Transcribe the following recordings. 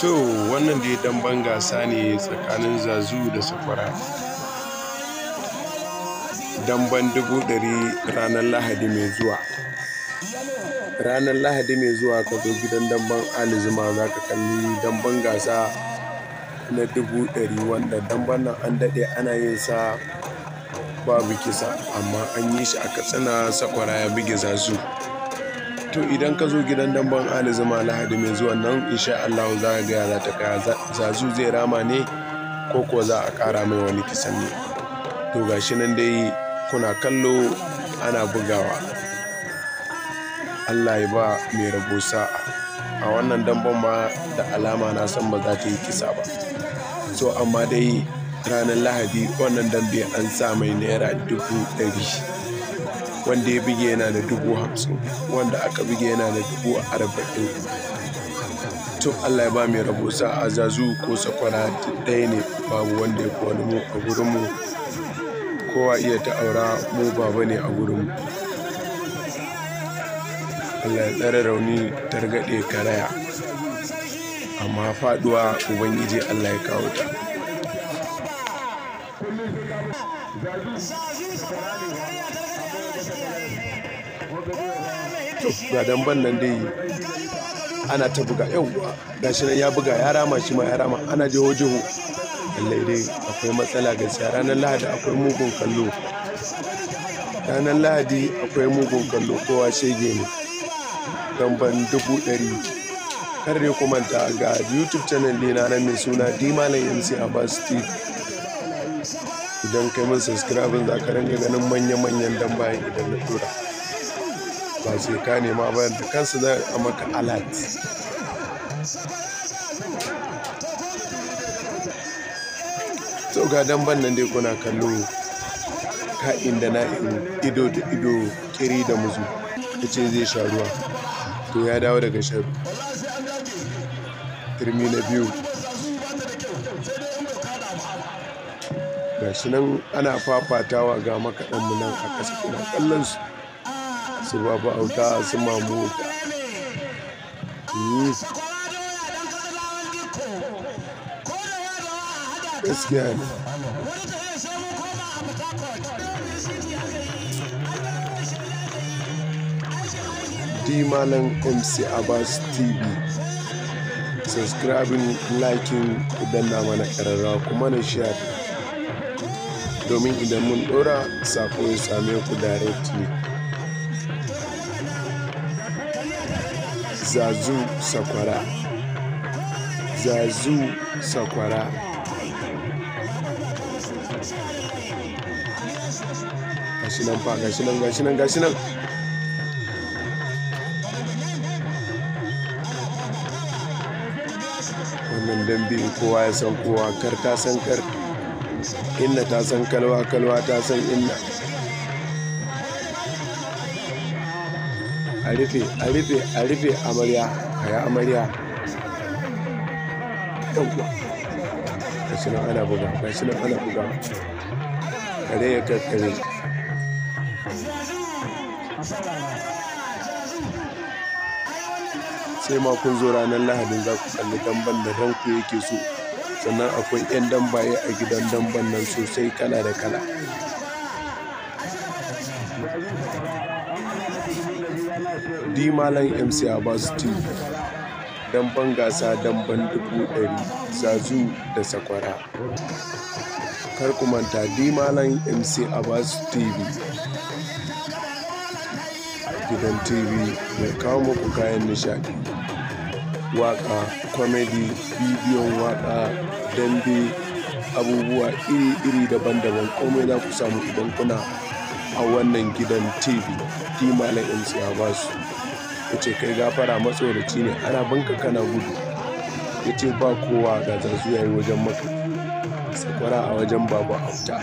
To wannan dai dan ban gasa ne tsakanin Zazu da Sakwara. ban dubu ɗari ranar Lahadi mai zuwa. Ranar Lahadi mai zuwa ka zo gidan Ali Alizuma za ka kalli ban gasa na dubu ɗari wanda ban nan an daɗe ana yin sa babu kisa amma an yi shi a katsina sakwara ya buge Zazu. to idan ka zo gidan damben ali zuma lahadi mai zuwan nan insha allahu za a gaya za ta kaya zazu zai rama ne ko kuwa za a kara mai wani kisan ne to gashi nan dai kuna kallo ana bugawa allah ya ba mai rabo sa'a a wannan damben ma da alama na san ba za ta yi kisa ba so amma dai ranar lahadi wannan dambe an sa mai naira dubu ɗari wanda ya bige yana da dubu hamsin wanda aka bige yana da dubu arba'in tun allah ya ba mai rabo sa a zazu ko sakwara ɗaya ne babu wanda ya wani mu a gurinmu kowa iya ta mu baba ne a gurinmu allah ya tsara rauni targaɗe karaya amma faɗuwa ubangiji allah ya kawo ta ga damban nan dai ana ta buga yauwa shi nan ya buga ya rama shi ma ya rama ana jiho jiho lallai dai akwai matsala gaskiya ranar lahadi akwai mugun kallo ranar lahadi akwai mugun kallo kowa shege ne damban dubu ɗari kar dai kumanta ga youtube channel dina na mai suna dimalan mc abbas tv idan kai min subscribe za ka ringa ganin manya-manyan dambayen idan na tura ba sai ka nema ba da kansu za a maka alat to ga ban nan dai kuna kallo ka inda na ido da ido kiri da muzu ta ce zai sha ruwa to ya dawo daga shan Irmi na biyu gashi nan ana fafatawa ga makaɗan nan a ƙasa kuma kallon su babu auta su mamuta gaskiya ne dimalan mc abbas tv subscribing liking idan na mana ƙararrawa kuma na share domin idan mun ɗora sako ya same ku directly zazu sakwara zazu sakwara gashi nan fa gashi nan gashi nan gashi nan wannan dambe kowa ya san kowa kar ta san kar inna ta san kalwa kalwa ta san inna a rufe a rufe a rufe amarya amarya ana buga ana buga kare ya kakkare sai ma kun zo ranar lahadin za ku kalli damban da ranku yake so sannan akwai 'yan dambaye a gidan damban nan sosai kala da kala Dimalan MC Abbas don damban gasa damban dubu ɗari zazu da sakwara. Kar ku manta Dimalan MC Abbas TV. Gidan TV mai kawo muku kayan nishaɗi. Waka, komedi bidiyon waka, dambe, abubuwa iri-iri daban-daban komai za ku samu idan kuna a wannan gidan TV ti ya ba su, ya ce kai gafara matsoraci ne ana banka kana gudu ya ce ba kowa ga zazu ya yi wajen maka sakwara a wajen babu auta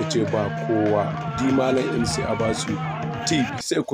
ya ce ba kowa di ya ba su TV sai